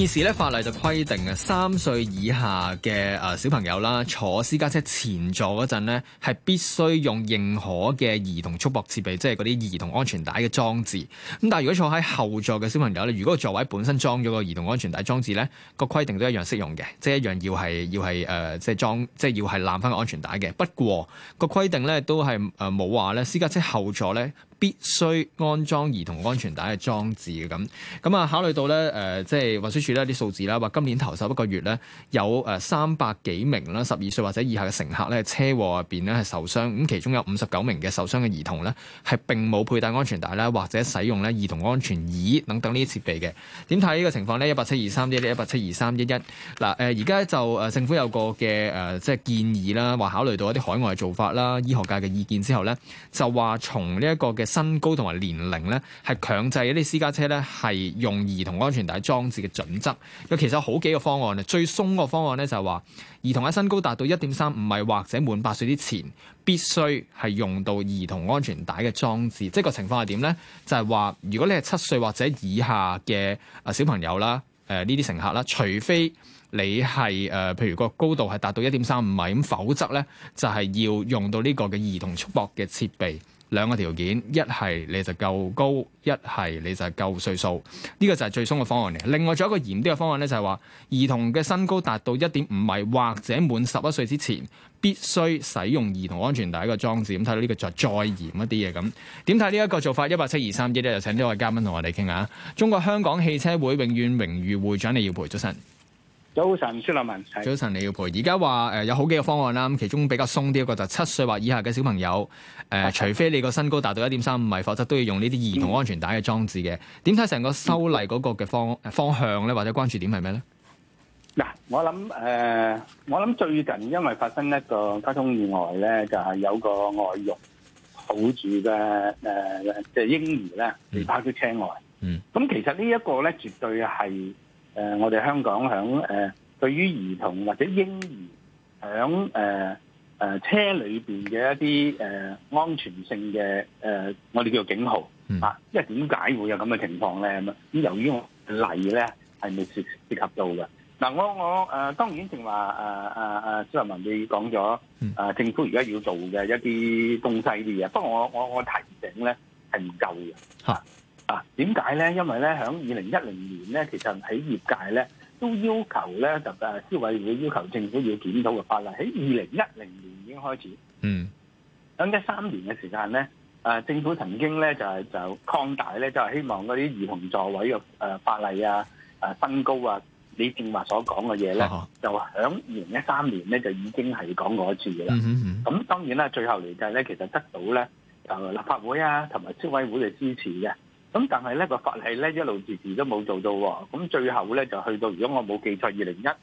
而時咧法例就規定嘅三歲以下嘅誒、呃、小朋友啦，坐私家車前座嗰陣咧，係必須用認可嘅兒童觸薄設備，即係嗰啲兒童安全帶嘅裝置。咁但係如果坐喺後座嘅小朋友咧，如果個座位本身裝咗個兒童安全帶裝置咧，那個規定都一樣適用嘅，即係一樣要係要係誒、呃就是，即係裝即係要係攬翻個安全帶嘅。不過，那個規定咧都係誒冇話咧，私家車後座咧。必須安裝兒童安全帶嘅裝置嘅，咁咁啊，考慮到咧誒、呃，即係運輸署呢啲數字啦，話今年頭十一個月咧有誒三百幾名啦，十二歲或者以下嘅乘客咧，車禍入邊咧係受傷，咁其中有五十九名嘅受傷嘅兒童咧係並冇佩戴安全帶啦，或者使用咧兒童安全椅等等呢啲設備嘅。點睇呢個情況咧？一八七二三一一一八七二三一一嗱，誒，而家就誒政府有個嘅誒即係建議啦，話考慮到一啲海外嘅做法啦、醫學界嘅意見之後咧，就話從呢、這、一個嘅。身高同埋年齡呢，係強制一啲私家車呢，係用兒童安全帶裝置嘅準則。咁其實有好幾個方案啊。最鬆個方案呢，就係話，兒童喺身高達到一點三五米或者滿八歲之前，必須係用到兒童安全帶嘅裝置。即係個情況係點呢？就係話，如果你係七歲或者以下嘅啊小朋友啦，誒呢啲乘客啦，除非你係誒、呃、譬如個高度係達到一點三五米，咁否則呢，就係、是、要用到呢個嘅兒童束縛嘅設備。兩個條件，一係你就夠高，一係你就係夠歲數。呢、呢個就係最鬆嘅方案嚟。另外仲有一個嚴啲嘅方案咧，就係話兒童嘅身高達到一點五米或者滿十一歲之前，必須使用兒童安全帶嘅裝置。咁睇到呢個就再嚴一啲嘅。咁。點睇呢一個做法？一八七二三一一，就請呢位嘉賓同我哋傾下。中國香港汽車會永遠榮譽會長，李耀培，早晨。早晨，薛立文。早晨，李耀培。而家話誒有好幾個方案啦，咁其中比較鬆啲一,一個就係七歲或以下嘅小朋友，誒、呃啊、除非你個身高達到一點三五米，否則都要用呢啲兒童安全帶嘅裝置嘅。點睇成個修例嗰個嘅方、嗯、方向咧，或者關注點係咩咧？嗱、呃，我諗誒，我諗最近因為發生一個交通意外咧，就係、是、有個外傭抱住嘅誒，即、呃、係、就是、嬰兒咧被拋出車外。嗯，咁、嗯、其實呢一個咧，絕對係。呃、我哋香港響誒、呃，對於兒童或者嬰兒響誒誒車裏邊嘅一啲、呃、安全性嘅、呃、我哋叫做警號、嗯、啊，即係點解會有咁嘅情況咧？咁由於我例咧係未涉涉及到嘅。嗱、啊、我我、啊、當然正話誒誒誒，朱、啊啊啊、立文你講咗、啊、政府而家要做嘅一啲東西啲嘢，嗯、不過我我我的提醒咧係唔夠嘅啊？點解咧？因為咧，喺二零一零年咧，其實喺業界咧都要求咧，就誒消、啊、委會要求政府要檢討嘅法例。喺二零一零年已經開始，嗯，響一三年嘅時間咧，誒、啊、政府曾經咧就係就擴大咧，就係、是、希望嗰啲兒童座位嘅誒、啊、法例啊、誒、啊、身高啊，你正話所講嘅嘢咧，啊、就響二零一三年咧就已經係講過一次啦。咁、嗯嗯嗯、當然啦，最後嚟就係咧，其實得到咧誒立法會啊同埋消委會嘅支持嘅。咁但係咧、個法例咧一路遲遲都冇做到，咁最後咧就去到如果我冇記錯，二零一誒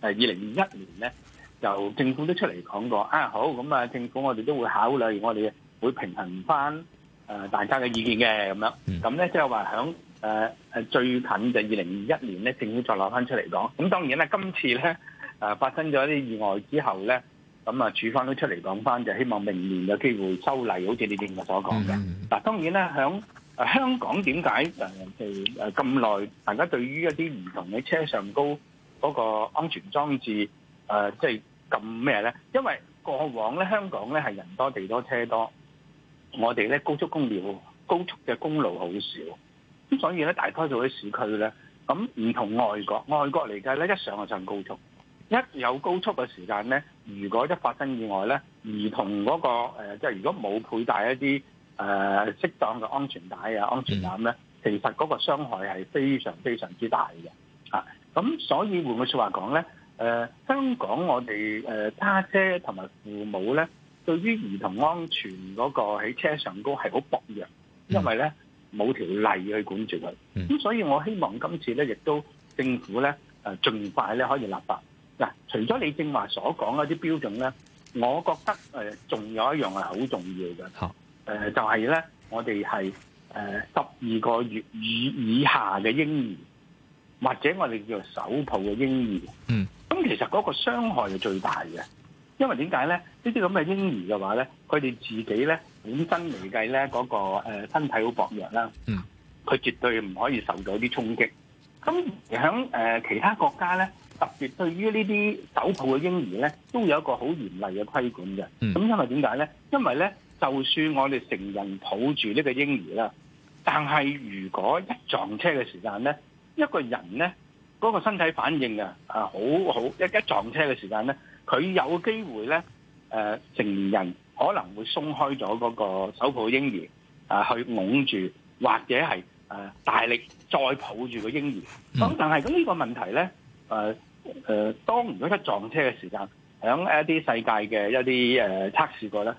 二零二一年咧，就政府都出嚟講過啊，好咁啊，政府我哋都會考慮，我哋會平衡翻誒、呃、大家嘅意見嘅咁樣。咁咧即係話響誒誒最近就二零二一年咧，政府再攞翻出嚟講。咁當然啦，今次咧誒、呃、發生咗一啲意外之後咧，咁、嗯、啊處方都出嚟講翻就希望明年有機會修例，好似你哋今日所講嘅。嗱、mm hmm. 當然咧響。在啊！香港點解誒誒咁耐？大家對於一啲兒童嘅車上高嗰個安全裝置誒，即係咁咩咧？因為過往咧，香港咧係人多、地多、車多，我哋咧高速公路高速嘅公路好少，咁所以咧大多數啲市區咧，咁唔同外國，外國嚟計咧一上就上高速，一有高速嘅時間咧，如果一發生意外咧，兒童嗰個呃，即係如果冇佩戴一啲。誒、啊、適當嘅安全帶啊，安全籃咧、啊，其實嗰個傷害係非常非常之大嘅嚇。咁、啊、所以換句説話講咧，誒、啊、香港我哋誒揸車同埋父母咧，對於兒童安全嗰個喺車上高係好薄弱，因為咧冇條例去管住佢。咁、嗯、所以我希望今次咧亦都政府咧誒、啊、盡快咧可以立法嗱、啊。除咗你正話所講嗰啲標準咧，我覺得誒仲、呃、有一樣係好重要嘅。誒、呃，就係、是、咧，我哋係誒十二個月以以下嘅嬰兒，或者我哋叫做手抱嘅嬰兒。嗯，咁其實嗰個傷害係最大嘅，因為點解咧？呢啲咁嘅嬰兒嘅話咧，佢哋自己咧本身嚟計咧，嗰、那個誒、呃、身體好薄弱啦。嗯，佢絕對唔可以受到啲衝擊。咁喺誒其他國家咧，特別對於呢啲手抱嘅嬰兒咧，都有一個好嚴厲嘅規管嘅。咁因、嗯、為點解咧？因為咧。就算我哋成人抱住呢個嬰兒啦，但係如果一撞車嘅時間咧，一個人咧、嗰個身體反應啊，啊好好一一撞車嘅時間咧，佢有機會咧，誒、呃、成人可能會鬆開咗嗰個手抱嬰兒啊、呃，去擁住或者係誒、呃、大力再抱住個嬰兒，咁、嗯、但係咁呢個問題咧，誒、呃、誒、呃、當如果一撞車嘅時間響一啲世界嘅一啲誒測試過咧。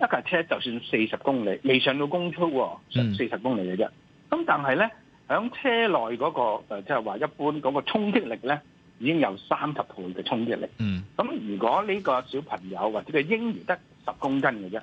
一架車就算四十公里，未上到公速、哦，上四十、mm. 公里嘅啫。咁但係咧，喺車內嗰、那個即係話一般嗰個衝擊力咧，已經有三十倍嘅衝擊力。咁、mm. 如果呢個小朋友或者個嬰兒得十公斤嘅啫，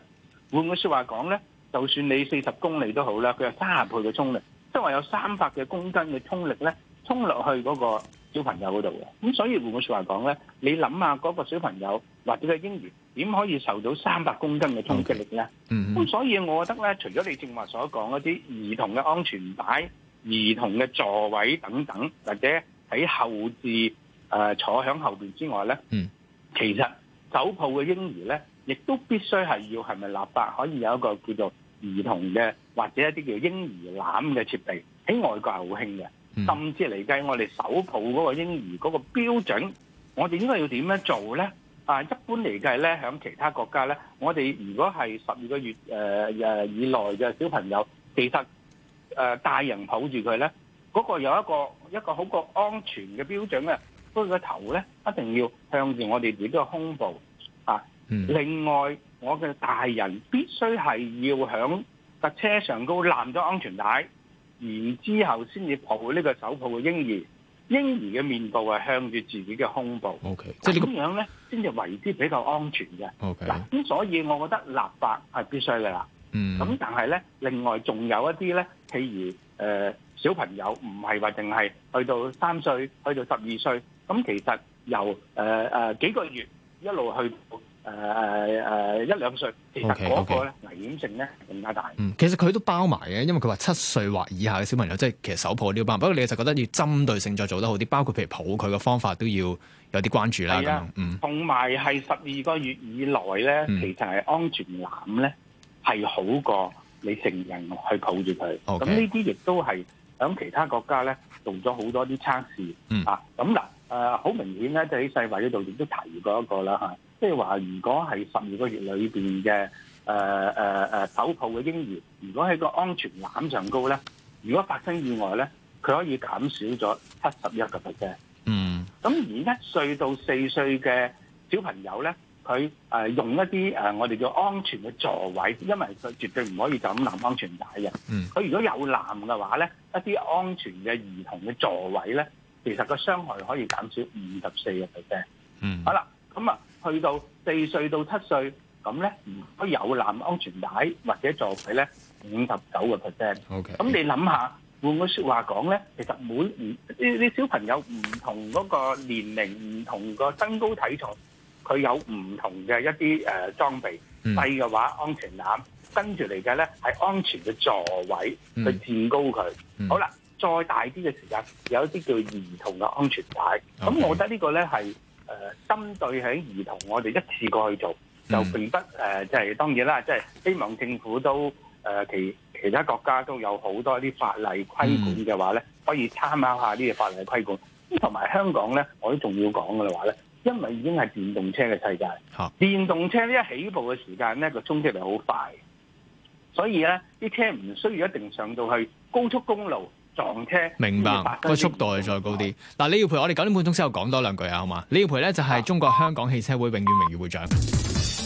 換句話說話講咧，就算你四十公里都好啦，佢有三十倍嘅衝力，即係話有三百嘅公斤嘅衝力咧，衝落去嗰、那個。小朋友嗰度嘅，咁所以換句説話講咧，你諗下嗰個小朋友或者個嬰兒點可以受到三百公斤嘅衝擊力咧？咁所以我覺得咧，除咗你正話所講嗰啲兒童嘅安全帶、兒童嘅座位等等，或者喺後置誒坐響後邊之外咧，其實手抱嘅嬰兒咧，亦都必須係要係咪立法可以有一個叫做兒童嘅或者一啲叫嬰兒攬嘅設備，喺外國係好興嘅。甚至嚟計我哋手抱嗰個嬰兒嗰個標準，我哋應該要點樣做咧？啊，一般嚟計咧，響其他國家咧，我哋如果係十二個月誒誒以內嘅小朋友，其實誒大人抱住佢咧，嗰、那個有一個一個好個安全嘅標準咧，所以個頭咧一定要向住我哋自己嘅胸部啊。另外，我嘅大人必須係要響架車上高攬咗安全帶。然之後先至抱呢個手抱嘅嬰兒，嬰兒嘅面部係向住自己嘅胸部。O K，即係咁樣咧，先至為之比較安全嘅。O K，嗱，咁所以我覺得立法係必須嘅啦。嗯，咁但係咧，另外仲有一啲咧，譬如誒、呃、小朋友唔係話淨係去到三歲，去到十二歲，咁其實由誒誒、呃呃、幾個月一路去。誒誒一兩歲，其實嗰個咧危險性咧更加大。Okay, okay. 嗯，其實佢都包埋嘅，因為佢話七歲或以下嘅小朋友，即係其實手抱都要包。不過你就覺得要針對性再做得好啲，包括譬如抱佢嘅方法都要有啲關注啦。咁、啊，同埋係十二個月以內咧，嗯、其實係安全攬咧係好過你成人去抱住佢。咁呢啲亦都係響其他國家咧做咗好多啲測試。嗯、啊，咁嗱誒，好、呃、明顯咧，就喺世衞嗰度亦都提過一個啦嚇。啊即係話，如果係十二個月裏邊嘅誒誒誒手抱嘅嬰兒，如果喺個安全籃上高咧，如果發生意外咧，佢可以減少咗七十一個 percent。嗯，咁、mm. 而一歲到四歲嘅小朋友咧，佢誒、呃、用一啲誒、呃、我哋叫安全嘅座位，因為佢絕對唔可以就咁攬安全帶嘅。嗯，佢如果有攬嘅話咧，一啲安全嘅兒童嘅座位咧，其實個傷害可以減少五十四個 percent。嗯，好啦，咁啊。去到四歲到七歲，咁咧唔可以有攬安全帶或者座位咧，五十九個 percent。O K。咁你諗下，換個説話講咧，其實每唔呢啲小朋友唔同嗰個年齡、唔同個身高體重，佢有唔同嘅一啲誒裝備。細嘅話，安全攬跟住嚟嘅咧係安全嘅座位去墊高佢。好啦，再大啲嘅時間，有一啲叫兒童嘅安全帶。咁我覺得呢個咧係。誒、呃、針對喺兒童，我哋一次過去做就並不誒，即、呃、係、就是、當然啦，即、就、係、是、希望政府都誒、呃、其其他國家都有好多啲法例規管嘅話咧，可以參考下呢個法例規管。咁同埋香港咧，我都仲要講嘅話咧，因為已經係電動車嘅世界，電動車呢一起步嘅時間咧，個衝擊力好快，所以咧啲車唔需要一定上到去高速公路。撞車，明白個速度係再高啲。嗱、嗯，李耀培，我哋九點半鐘先，我講多兩句啊，好嘛？李耀培咧，就係中國香港汽車會永遠榮譽會長。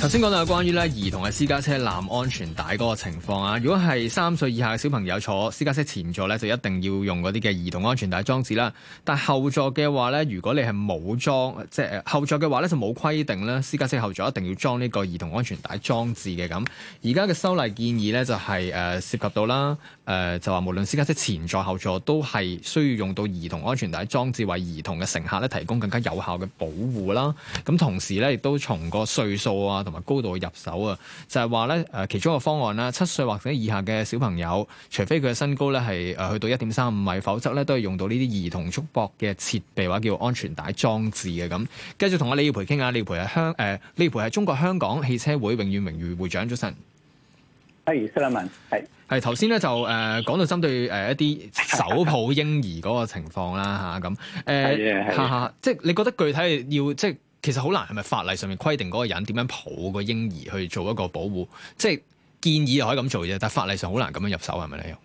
頭先講到關於咧兒童嘅私家車濫安全帶嗰個情況啊，如果係三歲以下嘅小朋友坐私家車前座咧，就一定要用嗰啲嘅兒童安全帶裝置啦。但係後座嘅話咧，如果你係冇裝，即係後座嘅話咧就冇規定咧，私家車後座一定要裝呢個兒童安全帶裝置嘅。咁而家嘅修例建議咧就係、是、誒、呃、涉及到啦，誒、呃、就話無論私家車前座後座都係需要用到兒童安全帶裝置，為兒童嘅乘客咧提供更加有效嘅保護啦。咁同時咧亦都從個歲數啊。同埋高度入手啊，就係話咧誒，其中一個方案啦。七歲或者以下嘅小朋友，除非佢嘅身高咧係誒去到一點三五米，否則咧都係用到呢啲兒童束縛嘅設備或者叫安全帶裝置嘅咁。繼續同阿李耀培傾下，李耀培係香誒，李耀培係中國香港汽車會永遠榮譽會長，早晨。阿余 Sir，係，係頭先咧就誒講、呃、到針對誒一啲手抱嬰兒嗰 個情況啦吓咁誒，呃、yeah, yeah, yeah. 哈哈，即係你覺得具體要即係。其實好難，係咪法例上面規定嗰個人點樣抱個嬰兒去做一個保護？即係建議可以咁做啫，但係法例上好難咁樣入手，係咪咧？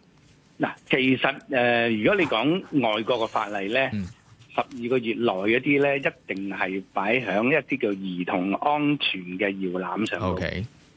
嗱，其實誒、呃，如果你講外國嘅法例咧，十二個月內嗰啲咧，一定係擺喺一啲叫兒童安全嘅搖籃上度。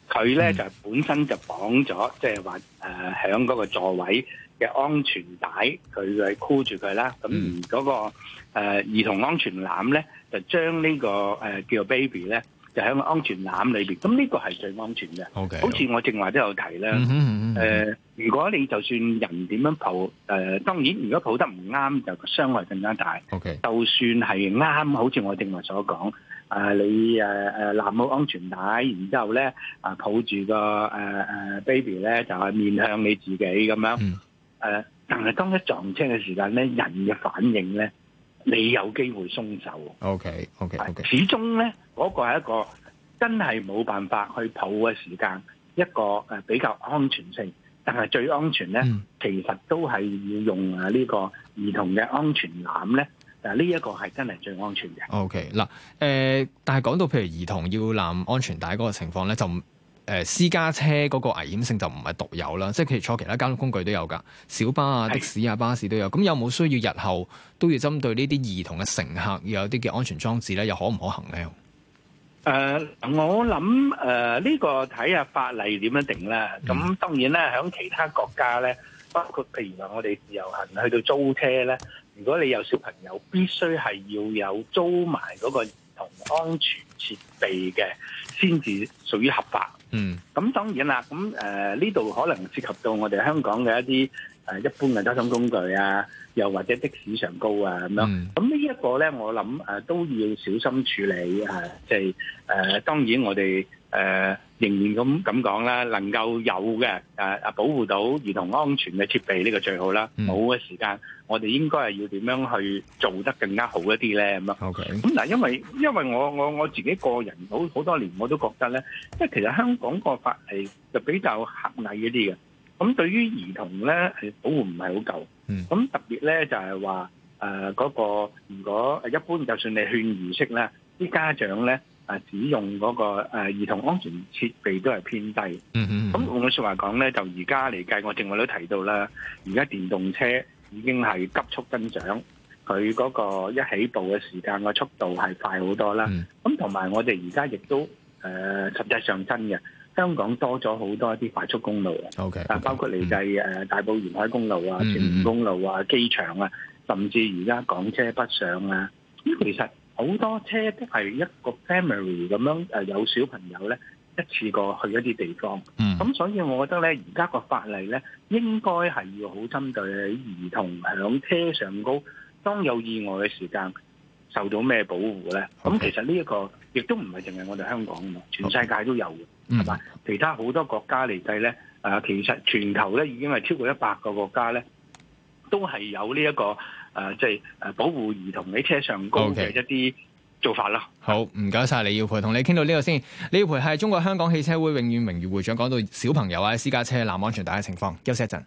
佢咧 Okay. 就本身了、嗯、就綁咗，即係話誒，喺嗰個座位，嘅安全帶，佢係箍住佢啦。咁而嗰、那個誒、嗯呃、兒童安全攬咧，就將呢、這個誒、呃、叫做 baby 咧，就喺個安全攬裏邊。咁呢個係最安全嘅。O Okay . K，好似我正話都有提啦。誒、 呃，如果你就算人點樣抱誒、呃，當然如果抱得唔啱，就傷害更加大。O Okay . K，就算係啱，好似我正話所講，啊、呃、你誒誒攬好安全帶，然之後咧啊抱住個誒 baby 咧，呃呃、寶寶就係面向你自己咁樣。嗯誒，但係當一撞車嘅時間咧，人嘅反應咧，你有機會鬆手。O K O K O K，始終咧嗰個係一個真係冇辦法去抱嘅時間，一個誒比較安全性，但係最安全咧，嗯、其實都係要用啊呢個兒童嘅安全攬咧。誒，呢一個係真係最安全嘅。O K 嗱，誒，但係講到譬如兒童要攬安全帶嗰個情況咧，就唔。誒，私家車嗰個危險性就唔係獨有啦，即係譬如坐其他交通工具都有㗎，小巴啊、的士啊、巴士都有。咁有冇需要日後都要針對呢啲兒童嘅乘客要有啲嘅安全裝置咧？又可唔可行咧？誒，我諗誒呢個睇下法例點樣定啦。咁當然啦，喺其他國家咧，包括譬如話我哋自由行去到租車咧，如果你有小朋友，必須係要有租埋嗰個兒童安全設備嘅，先至屬於合法。嗯，咁當然啦，咁誒呢度可能涉及到我哋香港嘅一啲誒、呃、一般嘅交通工具啊，又或者的士上高啊咁樣，咁、嗯、呢一個咧，我諗、呃、都要小心處理啊，即係誒當然我哋誒。呃仍然咁咁講啦，能夠有嘅誒、啊、保護到兒童安全嘅設備，呢個最好啦。冇嘅時間，我哋應該係要點樣去做得更加好一啲咧？咁樣 OK。咁嗱，因為因為我我我自己個人好好多年，我都覺得咧，即係其實香港個法例就比較狹隘一啲嘅。咁對於兒童咧，係保護唔係好夠。咁、嗯、特別咧，就係話誒嗰個，如果一般，就算你勸意識咧，啲家長咧。誒，使用嗰個誒兒童安全設備都係偏低。嗯嗯、mm。咁換句說話講咧，就而家嚟計，我正話都提到啦。而家電動車已經係急速增長，佢嗰個一起步嘅時間個速度係快好多啦。咁同埋我哋而家亦都誒、呃，實際上真嘅，香港多咗好多一啲快速公路嘅。O K. 啊，包括嚟計誒、mm hmm. 大埔沿海公路啊、屯門公路啊、mm hmm. 機場啊，甚至而家港車北上啊，咁其實好多車都係一個 family 咁樣誒，有小朋友咧，一次過去一啲地方。嗯，咁所以我覺得咧，而家個法例咧，應該係要好針對喺兒童響車上高，當有意外嘅時間，受到咩保護咧？咁 Okay. 其實呢一個亦都唔係淨係我哋香港嘅，全世界都有嘅，係嘛？其他好多國家嚟計咧，誒，其實全球咧已經係超過一百個國家咧，都係有呢一個。誒，即係誒保護兒童喺車上高嘅一啲 Okay. 做法咯。好，唔該晒，李耀培，同你傾到呢度先。李耀培係中國香港汽車會永遠榮譽會長，講到小朋友或者私家車冧安全帶嘅情況，休息一陣。